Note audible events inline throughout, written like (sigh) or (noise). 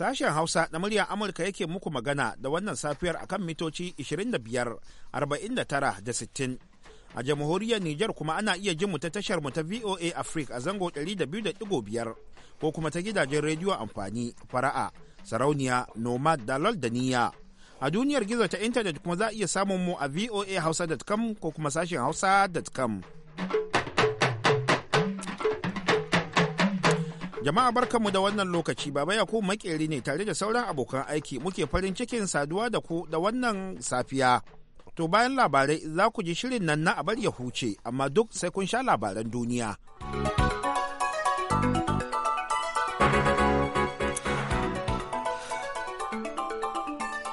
Sashen Hausa na murya Amurka yake muku magana da wannan safiyar akan mitoci 25, da 60. A jamhuriyar Nijar kuma ana iya jin mu ta tashar mu ta VOA Africa a zango 200.5 ko kuma ta gidajen rediyo amfani fara'a, sarauniya, nomad da da niyya. A duniyar gizo ta intanet kuma za a iya samun mu a VOA voahausa.com ko kuma sashen hausa.com. Jama'a barkanmu da wannan lokaci Baba Yakubu makeri ne tare da sauran abokan aiki muke farin cikin saduwa da ku da wannan safiya. To bayan labarai za ku ji shirin nan na abar ya huce amma duk sai kun sha labaran duniya.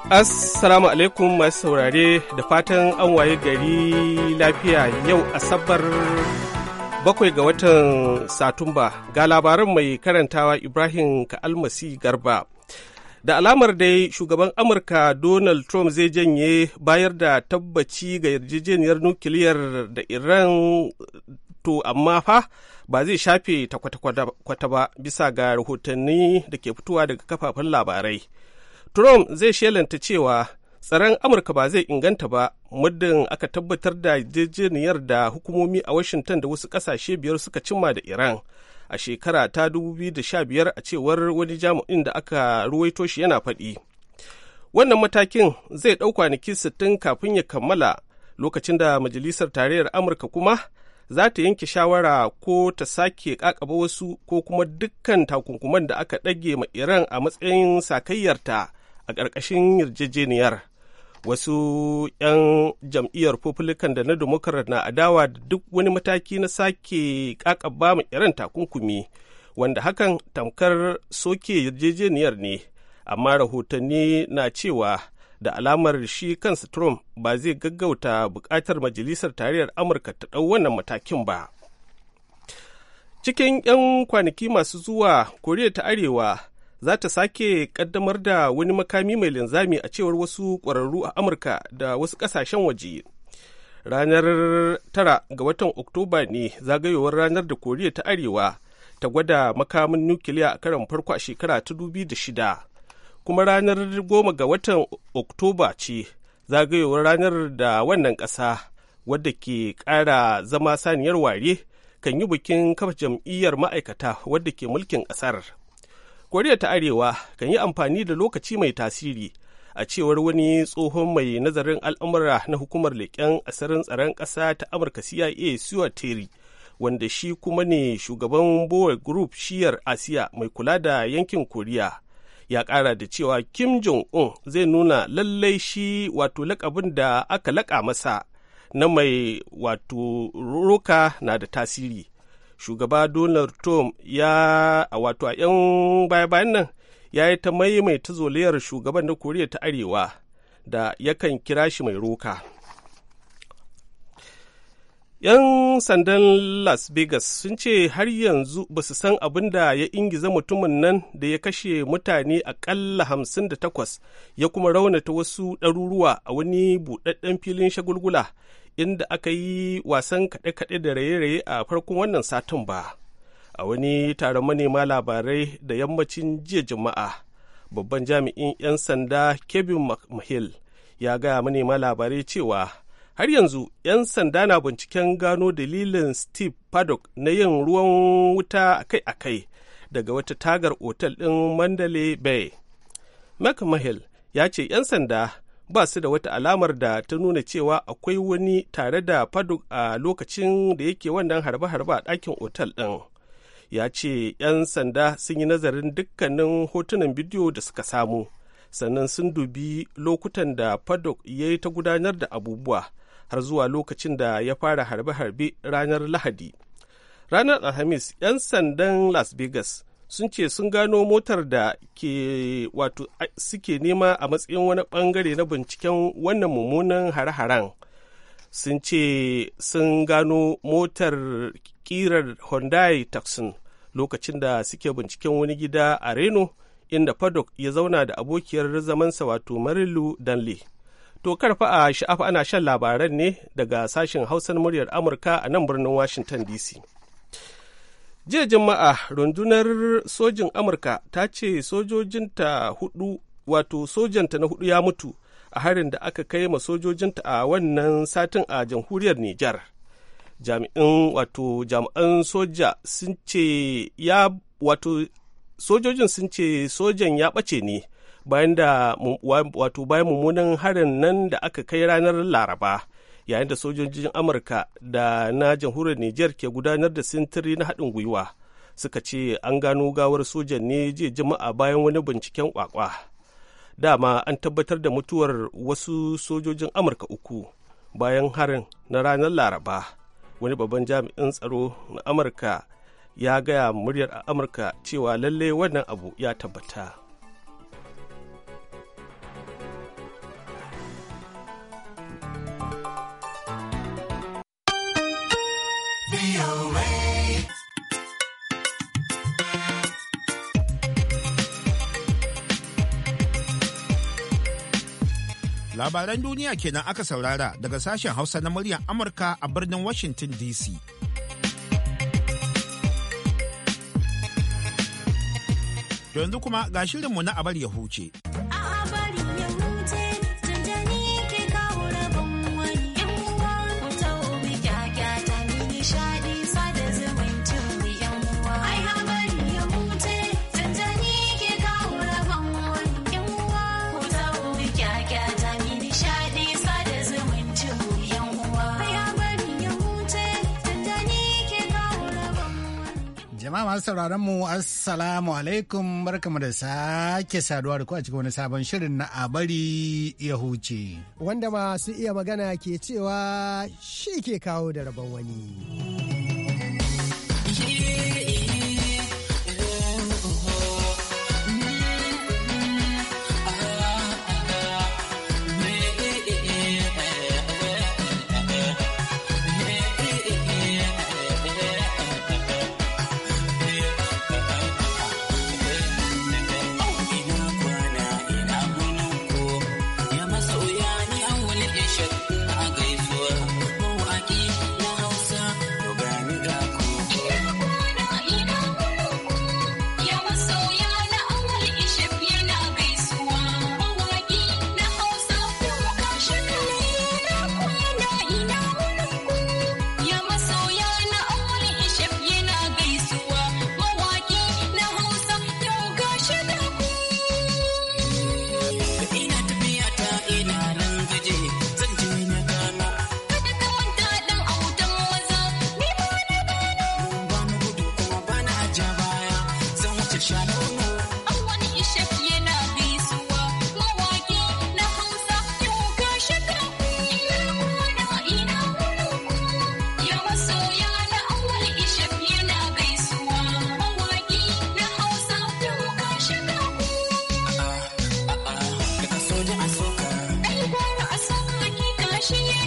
Assalamu alaikum masu saurare da fatan an waye gari lafiya yau asabar bakwai ga watan satumba ga labaran mai karantawa ibrahim ka'almasi garba da alamar dai shugaban amurka donald trump zai janye bayar da tabbaci ga yarjejeniyar nukiliyar da iran to amma fa ba zai shafe ta kwata ba bisa ga rahotanni da ke fitowa daga kafafen labarai trump zai shelanta cewa tsaron amurka ba zai inganta ba muddin aka tabbatar da yarjejeniyar da hukumomi a washington da wasu kasashe biyar suka cimma da iran a shekara ta 2015 a cewar wani jami'in da aka ruwaito shi yana faɗi wannan matakin zai ɗau kwanaki 60 kafin ya kammala lokacin da majalisar tarayyar amurka kuma za ta yanke shawara ko ta sake kakaba wasu ko kuma dukkan takunkuman da aka ɗage ma iran a matsayin sakayyarta a ƙarƙashin yarjejeniyar wasu 'yan jam'iyyar republican da na democrat na adawa da duk wani mataki na sake kakaba mu irin takunkumi wanda hakan tamkar soke yarjejeniyar ne amma rahotanni na cewa da alamar shi kansa trump ba zai gaggauta bukatar majalisar tarayyar amurka ta ɗau wannan matakin ba cikin 'yan kwanaki masu zuwa koriya ta arewa za ta sake kaddamar da wani makami mai linzami a cewar wasu ƙwararru a amurka da wasu ƙasashen waje ranar tara ga watan oktoba ne zagayowar ranar da koriya ta arewa ta gwada makamin nukiliya a karon farko a shekara ta shida kuma ranar goma ga watan oktoba ce zagayowar ranar da wannan ƙasa wadda ke ƙara zama saniyar ware kan yi bikin kafa jam'iyyar ma'aikata wadda ke mulkin ƙasar. koriya ta arewa kan yi amfani da lokaci mai tasiri a cewar wani tsohon mai nazarin al'amura na hukumar leƙen asirin tsaron ƙasa ta amurka cia stuart terry wanda shi kuma ne shugaban bower group shiyar asiya mai kula da yankin koriya ya ƙara da cewa kim jong-un zai nuna lallai shi wato laƙabin da aka laƙa masa na mai wato roka na da tasiri shugaba donald trump ya a wato a 'yan baya-bayan nan ya yi ta maimaita zoliyar shugaban na koriya ta arewa da yakan kira shi mai roka 'yan sandan las vegas sun ce har yanzu ba su san abin da ya ingiza mutumin nan da ya kashe mutane akalla takwas ya kuma raunata wasu ɗaruruwa a wani buɗaɗɗen filin shagulgula inda aka yi wasan kaɗe-kaɗe da raye-raye a farkon wannan satin ba a wani taron manema labarai da yammacin jiya juma'a babban jami'in 'yan sanda kevin mcmahill ya gaya manema labarai cewa har yanzu 'yan sanda na binciken gano dalilin steve paddock na yin ruwan wuta akai-akai daga wata tagar otal ɗin mandalay bay mcmahill ya ce 'yan sanda ba su da wata alamar da ta nuna cewa akwai wani tare da faduk a lokacin da yake wannan harbe-harbe a ɗakin otal ɗin ya ce 'yan sanda sun yi nazarin dukkanin hotunan bidiyo da suka samu sannan sun dubi lokutan da faduk ya yi ta gudanar da abubuwa har zuwa lokacin da ya fara harbe-harbe ranar lahadi ranar alhamis 'yan sandan las vegas sun ce sun gano motar da ke wato suke nema a matsayin wani bangare na binciken wannan mummunan hare-haren sun ce sun gano motar kirar hyundai taxon lokacin da suke binciken wani gida a reno inda paddock ya zauna da abokiyar zamansa wato marilu danley to karfa a sha'afa ana shan labaran ne daga sashen hausan muryar amurka a nan birnin washington dc jiya jama'a rundunar sojin amurka ta ce sojojinta hudu wato sojanta na hudu ya mutu a harin da aka kai ma sojojinta a wannan satin a jamhuriyar nijar jami'in wato jami'an soja sun ce ya wato sojojin sun ce sojan ya ɓace ne bayan da wato bayan mummunan harin nan da aka kai ranar laraba yayin da sojojin amurka da na jamhuriyar niger ke gudanar da sintiri na haɗin gwiwa suka ce an gano gawar sojan ne jiya jama'a bayan wani binciken kwakwa dama an tabbatar da mutuwar wasu sojojin amurka uku bayan harin na ranar laraba wani babban jami'in tsaro na amurka ya gaya muryar amurka cewa lallai wannan abu ya tabbata Labaran duniya kenan aka saurara daga sashen Hausa na muryar Amurka a birnin Washington DC. yanzu kuma ga shirinmu na abar ya huce. masu sauraron mu assalamu alaikum barkamu da sake saduwa da ku a cikin wani sabon shirin na abari ya huce. Wanda masu iya magana ke cewa shi ke kawo da rabon wani. she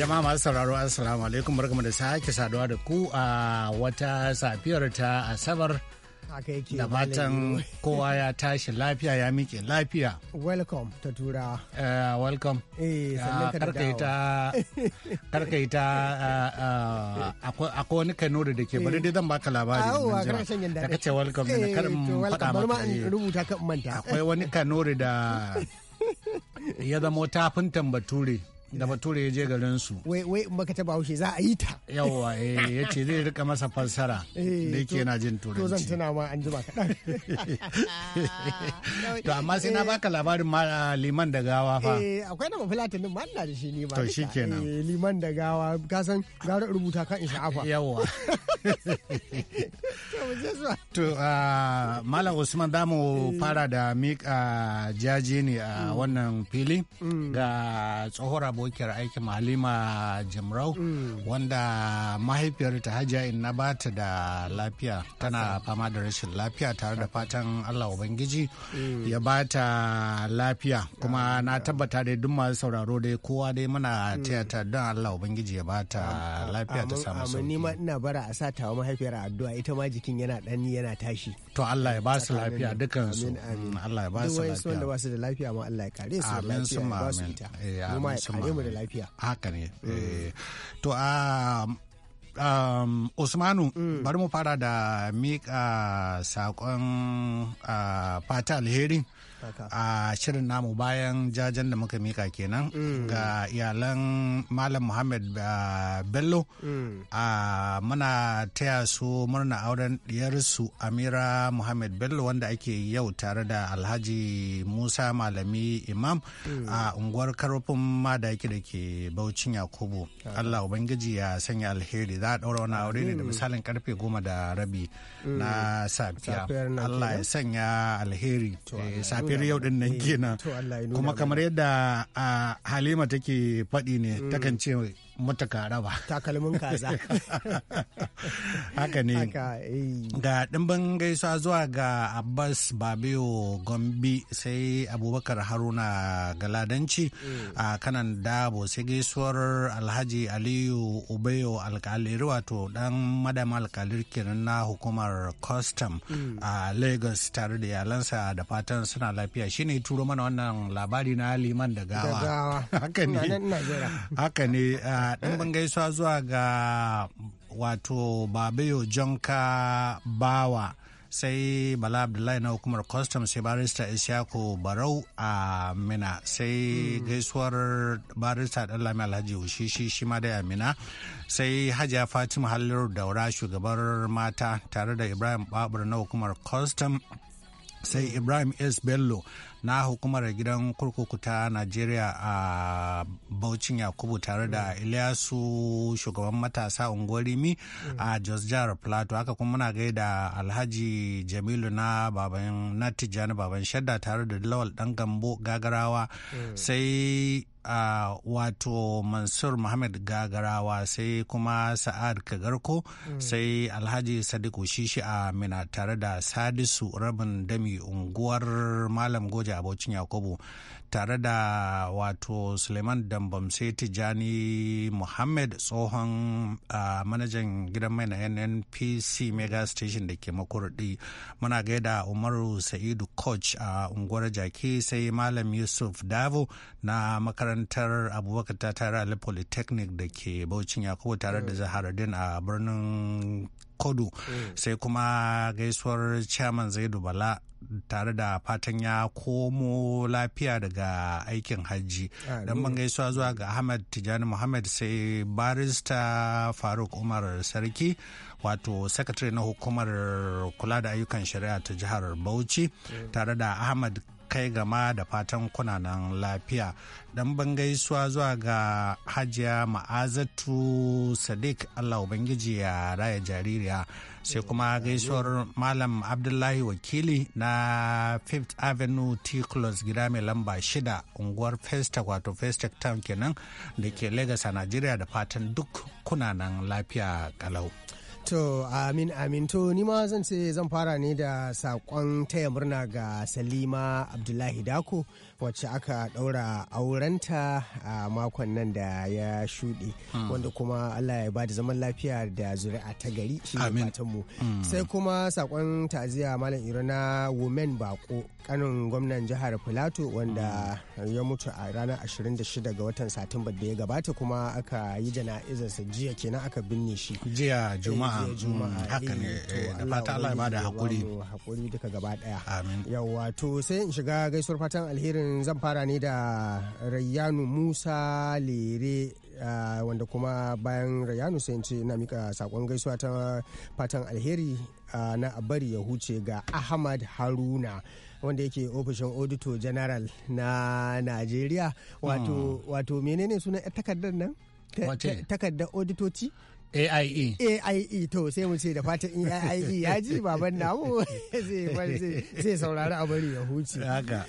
jama'a masu sauraro assalamu alaikum barkamu da sake saduwa da ku a wata safiyar ta asabar da fatan kowa ya tashi lafiya ya miƙe lafiya welcome ta tura uh, welcome eh sannan karkai ta eh, eh, akwai wani kano da ke bari dai zan baka labari da ka ce welcome ne karin faɗa maka akwai wani kano da (laughs) ya zama tafin tambature da bature ya je garin su wai wai in baka taba haushe za a yi ta yawa eh yace zai rika masa falsara (laughs) eh, da yake yana jin turanci to zan tuna ma an jima kaɗan (laughs) to amma sai na baka labarin ma ah, liman da gawa fa eh akwai na mafilatin din ma Allah da shi ni ba to shikenan eh, liman da gawa ka san gara rubuta kan insha'afa yawa (laughs) to ah, malam Usman da mu eh. fara da mika jaji ne a mm. wannan fili mm. ga tsohora abokiyar aikin halima jimrau mm. wanda mahaifiyar ta hajiya na ba ta da lafiya tana fama da rashin lafiya tare da fatan allah ubangiji mm. ya ba ta lafiya kuma na tabbata dai duk masu sauraro dai kowa dai muna mm. taya ta don allah ubangiji ya ba ta lafiya ta samu sauki ni ma ina bara a sa tawa mahaifiyar addu'a ita ma jikin yana dani yana tashi to allah ya ba su lafiya dukkan su allah ya ba su lafiya duk wanda ba su da lafiya ma allah ya kare su lafiya ba su ita same mu da lafiya haka ne mm. eh, to a um, um, Usmanu mm. bari mu fara da mika uh, sakon fata alherin a shirin namu bayan jajen da muka mika kenan mm. ga iyalan malam muhammad uh, bello mm. a muna taya su murna auren diyarsu amira muhammad bello wanda ake yau tare da alhaji musa malami imam mm. a unguwar karfin madaki da ke baucin yakubu allah ubangiji ya sanya alheri za a daura wani aure ne da misalin karfe goma da rabi na safiya allah ya sanya alheri eh, yau din nan eh, kenan kuma kamar yadda ah, halima take faɗi ne mm. takan ce mutu raba takalmin kaza (laughs) haka ne eh. ga dimbin gaisuwa zuwa ga abbas babio gombi sai abubakar haruna galadanci mm. a kanan dabo sai gaisuwar alhaji aliyu ubeyo alkaliri wato dan madama alkalir kenan na hukumar custom mm. a lagos tare da yalansa da fatan suna lafiya shine turo mana wannan labari na liman da gawa (laughs) haka ne da ban gaisuwa zuwa ga wato babayo jonka bawa sai bala abdullahi na hukumar Kostom sai barista isyako barau a mina sai hmm. gaisuwar barista dan lami alhaji ushishi shi ma dai a mina sai hajiya fatima halar daura shugabar mata tare da ibrahim babur na hukumar custom sai ibrahim s bello na hukumar gidan kurkuku ta najeriya a baucin yakubu tare da mm. ilyasu shugaban matasa unguwarimi a mm. jos jihar plateau haka kuma muna gaida alhaji jamilu na baban na tijjani baban shadda tare da lawal dan gambo gagarawa mm. sai Uh, wato mansur muhammad gagarawa sai kuma sa'ad kagarko mm. sai alhaji sadiku shishi a mina tare da sadisu rabin dami unguwar malam goja abocin yakubu tare da wato suleiman dambamse tijani muhammad tsohon manajan gidan mai na nnpc mega station da ke makurdi muna gaida umaru sa'idu coach a unguwar jaki sai malam yusuf davo na makarantar abubakar ta tare polytechnic da ke baucin yakubu tare da mm. zaharuddin a birnin kudu mm. sai kuma gaisuwar chairman zaidu bala tare da fatan ya komo lafiya daga aikin hajji don ban gaisuwa zuwa ga ahmad tijani muhammad sai barista faruk umar sarki wato sakatare na hukumar kula da ayyukan shari'a ta jihar bauchi mm. tare da ahmad kai gama da fatan kunanan lafiya dan ban gaisuwa zuwa ga hajiya ma'azatu sadiq allah ubangiji ya raya jaririya sai kuma gaisuwar malam abdullahi wakili na fifth avenue t close gida mai lamba shida unguwar festac wato festac town kenan da ke lagos a nigeria da fatan duk kunanan lafiya kalau To amin amin to ni ma zan ce zan fara ne da saƙon taya murna ga Salima Abdullahi Dako. wacce aka ɗaura aurenta a makon nan da ya shuɗe hmm. wanda kuma Allah ya ba da zaman lafiya da zuri'a ta gari shi mu hmm. sai kuma sakon ta'aziyya malam iro na women bako kanin gwamnan jihar filato wanda hmm. ya mutu a ranar 26 ga watan satumba da ya gabata kuma aka yi jana'izarsa jiya kenan aka binne shi jiya juma'a haka ne eh, eh, da fata Allah ya ba da hakuri duka gaba daya to sai in shiga gaisuwar fatan alherin zan fara ne da rayyanu musa lere wanda kuma bayan rayanu sai ce na mika sakon gaisuwa ta fatan alheri na abari ya huce ga ahmad haruna wanda yake ofishin auditor general na nigeria hmm. wato menene suna takardar nan takardar auditoci AIE. AIE to sai mu ce da fatan in AIE ya ji baban namu (laughs) zai saurari a bari ya huce.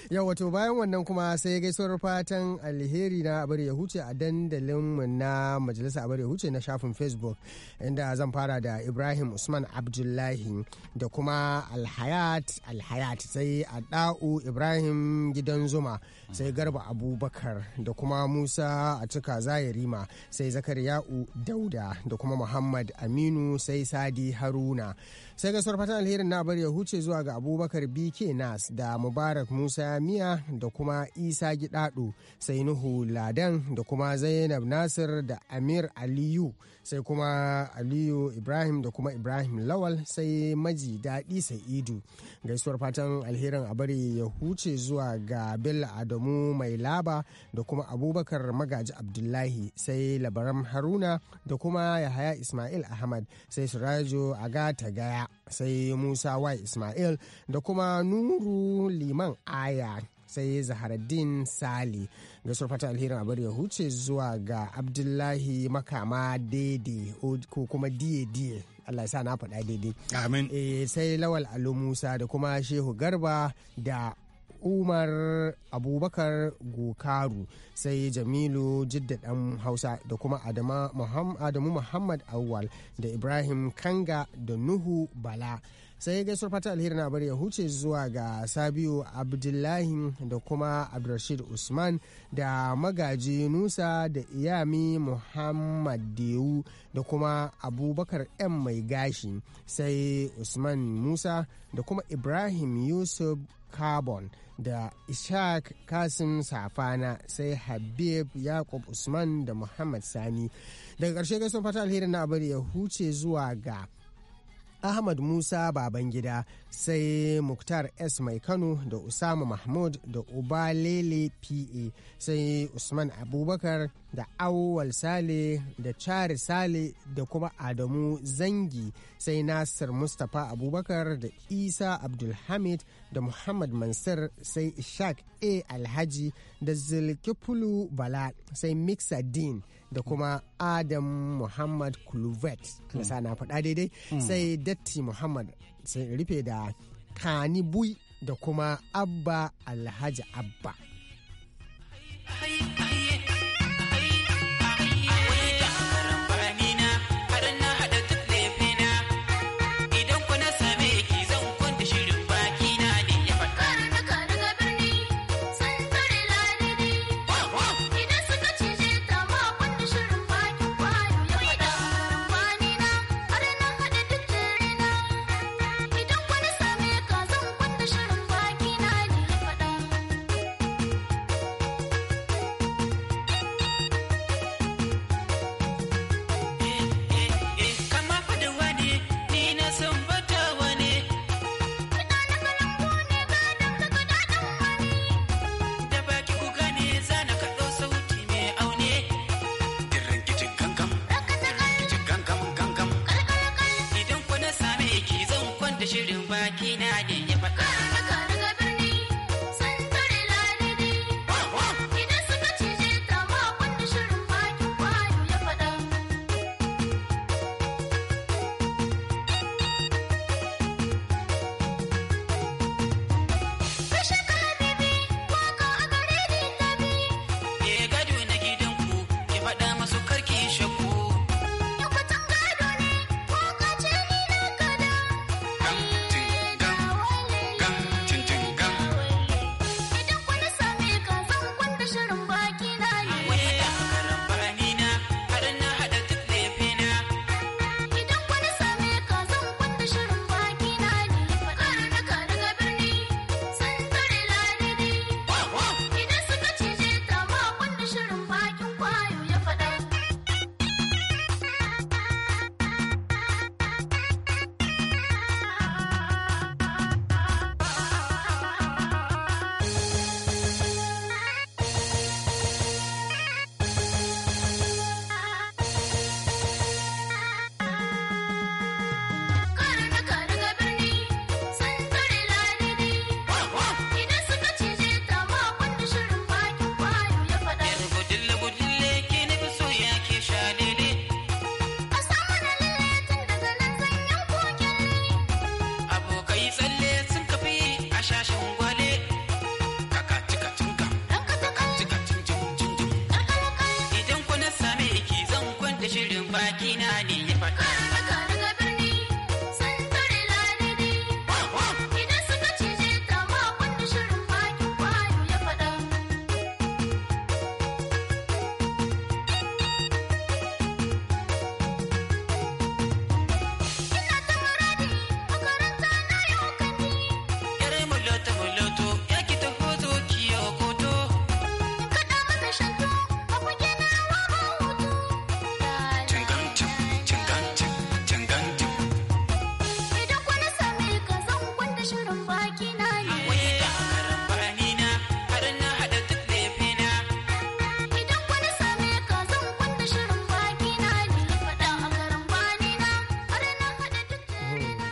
Yau wato bayan wannan kuma sai gaisuwar fatan alheri na a bari ya huce a dandalin mu na majalisa a bari ya huce na shafin Facebook inda zan fara da Ibrahim Usman Abdullahi da kuma Alhayat Alhayat sai a da'u Ibrahim Gidan Zuma sai Garba Abubakar da kuma Musa a cika Zayirima sai Zakariya'u Dauda da kuma kuma muhammad aminu sai sadi haruna sai gaisuwar fatan alherin na bari ya huce zuwa ga abubakar bk nas da mubarak musa miya da kuma isa gidaɗo sai nuhu ladan da kuma zainab nasir da amir aliyu sai kuma aliyu ibrahim da kuma ibrahim lawal sai maji daɗi sa'idu gaisuwar fatan alherin a bari ya huce zuwa ga bello adamu mai laba da kuma abubakar magaji abdullahi sai labaram haruna da kuma yahaya ismail ahmad sai su surajo ta gaya sai musa y ismail da kuma nuru liman aya sai zaharaddin sali da surfata alherin abar ya huce zuwa ga abdullahi makama daidai ko kuma diye diye Allah sa na faɗa daidai. Amin. Eh, sai Lawal Alu Musa da kuma Shehu Garba da umar abubakar gokaru sai jamilu jidda hausa da kuma adamu muhammad awwal da ibrahim kanga da nuhu bala sai gaisuwar fata alheri na bari ya huce zuwa ga sabiu abdullahi da kuma abdulrashid usman da magaji nusa da iyami muhammad dewu da kuma abubakar yan mai gashi sai usman musa da kuma ibrahim yusuf carbon da ishaq kasim safana sai habib Yaqub usman da muhammad sani daga ƙarshe gaisuwar fata alheri na bari ya huce zuwa ga Ahmad Musa Babangida sai Muktar S. Mai Kano da Usama Mahmud da Uba Lele PA sai Usman Abubakar da awwal sale da cari sale da kuma adamu zangi sai nasir mustapha abubakar da isa abdulhamid da muhammad Mansir sai ishaq a alhaji da zulkifulu bala sai mixa dean da kuma adam muhammad kluvet da na faɗa daidai hmm. sai datti muhammad sai rufe da kanibui da kuma abba alhaji abba shirin baki na da ya faɗa.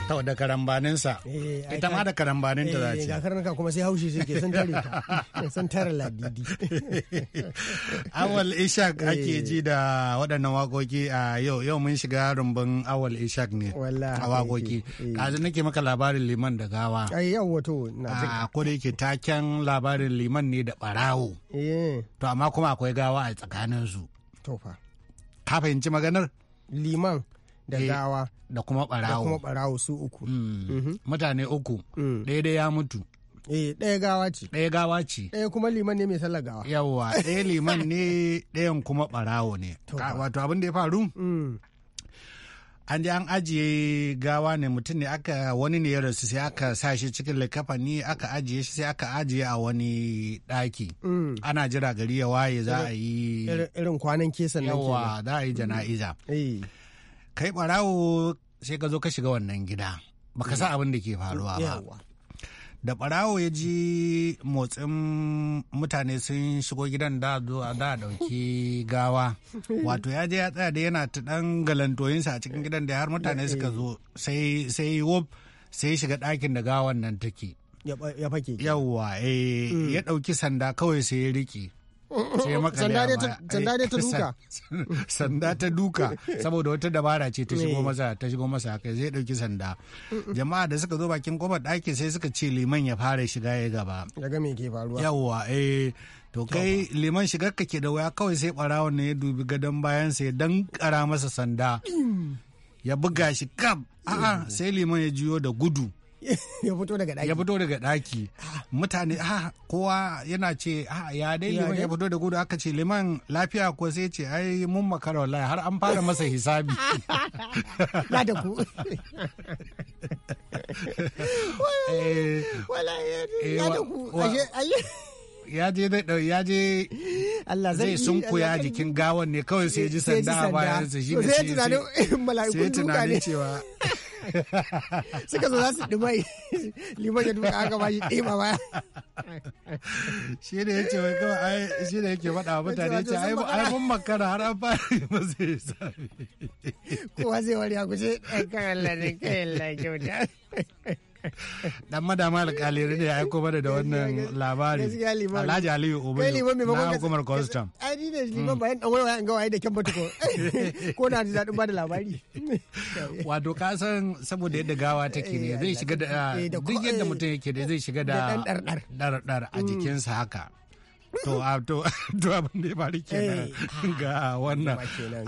ta da karambaninsa eh, ita ma da karambaninta za eh, ce ga karnuka kuma sai haushi suke sun tare ta (laughs) sun tare ladidi (laughs) awal ishak ake eh. ji da waɗannan wakoki a yau yau mun shiga rumbun awal ishak ne a wakoki Kazi nake maka labarin liman da gawa ai yau wato na ah, ko da yake taken labarin liman ne da barawo to amma kuma akwai gawa a tsakanin su to fa ka fahimci maganar liman da eh, gawa da kuma barawo kuma barawo su uku mm. mhm. mutane uku mm. dai ya mutu Eh ɗaya gawa ce. Ɗaya gawa ce. Ɗaya eh, kuma liman ne mai sallar gawa. Yawwa ɗaya liman ne (laughs) ɗayan kuma barawo ne. Wato abin da ya faru? Mm. An je an ajiye gawa ne mutum ne aka wani ne ya rasu sai aka sa shi cikin likafani aka ajiye shi sai aka ajiye a wani daki. Ana jira gari ya waye za a yi. Irin kwanan kesa nan Yawwa za a yi jana'iza. Eh. kai barawo sai ka zo ka shiga wannan gida baka sa mm. abin da ke faruwa ba da barawo ya ji motsin mutane sun shigo gidan da a da dauki (laughs) gawa wato ya je ya tsaya da yana ta dan galantoyinsa a cikin gidan da har mutane suka zo sai sai wop sai shiga ɗakin da gawan nan take ya fake yawwa eh mm. ya ɗauki sanda kawai sai ya rike. sanda eh, ta duka (laughs) sanda ta duka saboda wata dabara ce ta shigo masa ta shigo masa kai zai dauki sanda jama'a da suka zo bakin kofar ɗaki sai suka ce liman ya fara shiga ya gaba daga me ke faruwa yawwa eh to kai liman shigar ka ke da waya kawai sai barawon ne ya dubi gadon bayan sai dan kara masa sanda mm. ya buga shi kam a'a mm. sai liman ya juyo da gudu (laughs) ya fito daga daki ya fito daga daki mutane ha ah, kowa yana ce ha ah, ya dai liman ya fito da gudu aka ce liman lafiya ko sai ce ai mun makara wallahi har an fara masa hisabi la da ku wallahi ya da eh, ku ya je ya je Allah zai sunkuya jikin gawan ne kawai sai ji sanda ya sa shi ne sai tunanin (laughs) mala'iku duka ne cewa (laughs) suka zo za su dumai liman ya duka aka bashi ɗima ba shi ne ya ce wai kawai ai shi ne yake faɗa wa mutane ya ce ai mun makara har an fara ba zai yi sami kowa zai wari a guje ɗan kan Allah ne kai dan madama alƙaliri ne ya aiko mana da wannan labari alhaji aliyu obayo na hukumar custom ai ni ne hmm. liman bayan dan waya in ga waye da kyan batuko (laughs) ko na ji daɗin ba da labari (laughs) wato ka san saboda yadda gawa take ne eh, zai shiga da eh, duk yadda eh, mutum yake da zai shiga da ɗarɗar a hmm. jikinsa haka to a to (laughs) to abin da ya faru kenan eh, (laughs) ga wannan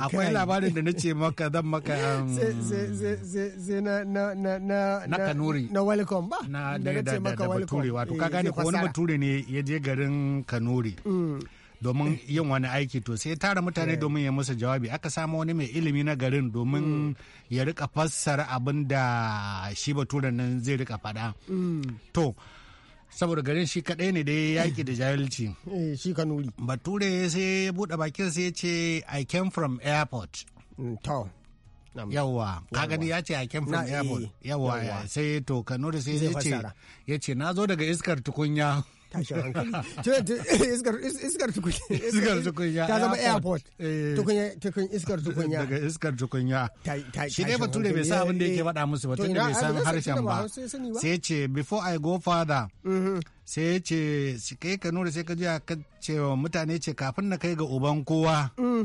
akwai labarin da nace maka zan maka um, sai na na na na na kanuri na welcome ba na da da da bature wato eh, ka gane ko wani bature ne ya je garin kanuri mm. domin yin wani aiki to sai tara mutane eh. domin ya musu jawabi aka samu wani mai ilimi na garin domin mm. ya rika fassara abin da shi baturen nan zai rika faɗa mm. to saboda garin shi kaɗai ne da yaƙi da jahilci (laughs) eh, shi kanuri bature sai ya buɗe bakin sai ya ce i came from airport mm, to yawwa ka gani ya ce i came from eh. airport yawwa sai to kanuri sai ya ce ya ce na zo daga iskar tukunya tashin (laughs) hankali (laughs) iskar tukunya ta zama airport eh. tukun iskar tukunya daga iskar tukunya shi dai bature bai sa abin da yake faɗa musu bai san harshen ba sai ce before i go further mm-hmm. sai ce kai ka nura sai ka ji ka ce mutane ce kafin na kai ga uban kowa mm.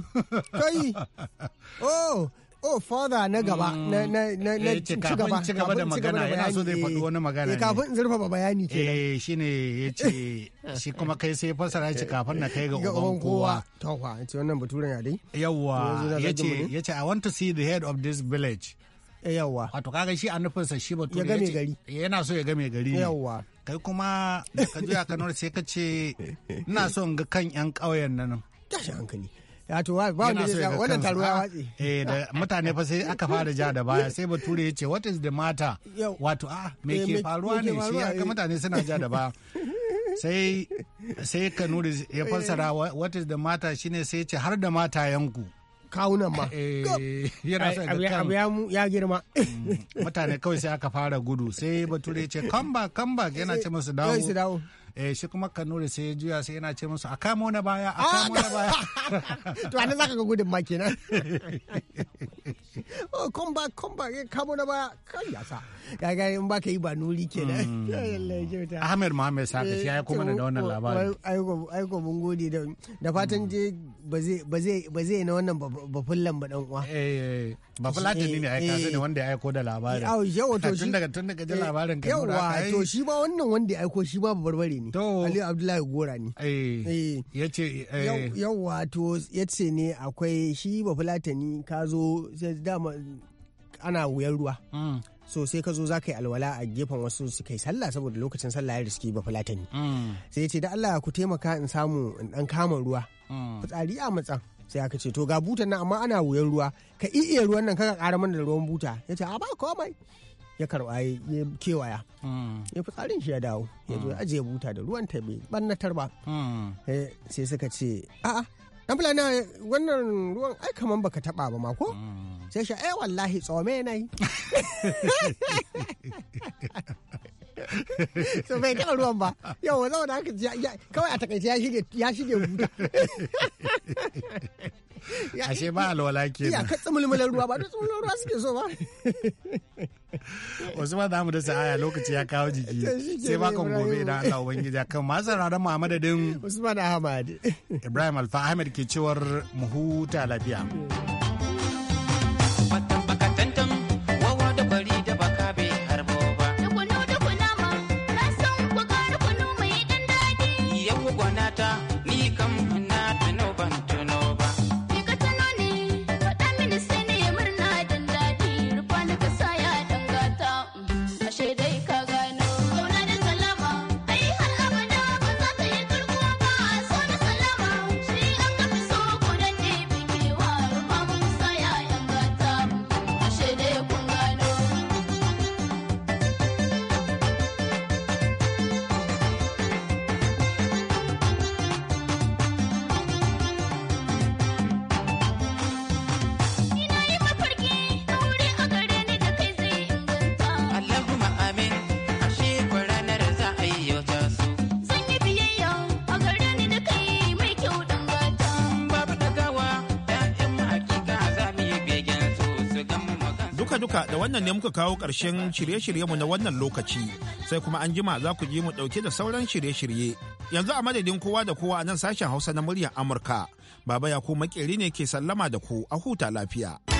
kai (laughs) oh oh father na gaba mm. na na na eh, ci gaba ci gaba da magana yana so zai faɗi wani magana eh, ne kafin ba bayani ke eh shine yace (laughs) shi kuma kai sai fasara ci kafin na kai ga uban kowa to fa yace wannan baturen ya dai yawa yace yace i want to see the head of this village eh, yawa wato kaga shi a sa shi bature ya game gari yana so ya game gari ne yawa kai kuma ka juya kanar sai ka ce ina so in ga kan yan ƙauyen nan tashi hankali ya to ba wanda zai wannan taro ya ah, eh da mutane fa sai aka fara ja da baya sai bature ya ce what is the matter wato ah me eh, ke faruwa ne shi aka eh. mutane suna ja da baya (laughs) sai sai kanuri ya eh. fassara what is the matter shine sai ce har da mata yanku kawunan ma yana son abu ya girma mm. mutane kawai sai aka fara gudu sai bature ya ce come back come back yana ce musu dawo eh shi kuma kanuri sai ya juya sai yana ce musu a kamo na baya a ah, kamo na baya (laughs) to anan zaka ga gudun ma kenan (laughs) oh come back come back kamo na baya kai ya sa ga ga in baka yi ba nuri kenan mm. (laughs) Ahmed Muhammad Saka ya aiko mana da wannan eh, labarin ai ai aiko mun gode da da fatan je mm. ba zai ba zai ba zai na wannan ba fullan ba dan uwa eh, eh, eh. ba bafulatani ne aika sai ne wanda ya aiko da labarin yau to shi tun daga tun daga da labarin kai yau to shi ba wannan wanda ya aiko shi ba barbare ne ne ali abdullahi gora ne eh, eh. ya eh. ne akwai shi ba fulatani ka zo dama ana wuyan ruwa mm. so sai ka zo za ka yi alwala a gefen wasu su kai sallah saboda lokacin sallah ya riski ba fulatani mm. sai ya ce da Allah ku taimaka in samu in dan kama ruwa mm. fitsari a matsan sai aka ce to ga butan nan amma ana wuyan ruwa ka iya ruwan nan kaka kara mana da ruwan buta ya ce a ba komai ya karba ya kewaya mm. ya fitsarin shi ya dawo ya zo ya mm. ajiye buta da ruwan ta bai bannatar ba mm. eh, sai suka ce a'a dan fulani wannan ruwan ai kaman baka taba ba ma ko sai shi eh, ai wallahi tsome na yi. (laughs) so bai taɓa ruwan ba yau wa zauna haka kawai a takaice ya shige buta (laughs) ashe ba alwala ke ya ka tsumulmulan ruwa ba duk tsumulmulan ruwa suke so ba (laughs) wasu ba za mu da sa'aya lokaci ya kawo jiki sai bakon gobe idan Allah ubangiji kan masu sauraron mu a madadin Usman Ahmad Ibrahim Alfa Ahmed ke cewar mu huta lafiya Ni haka da wannan ne muka kawo ƙarshen shirye-shiryenmu na wannan lokaci sai kuma an jima za ku ji mu ɗauke da sauran shirye-shirye. Yanzu a madadin kowa da kowa a nan sashen Hausa na muryar Amurka, Baba ya ku Makeri ne ke sallama da ku a huta lafiya.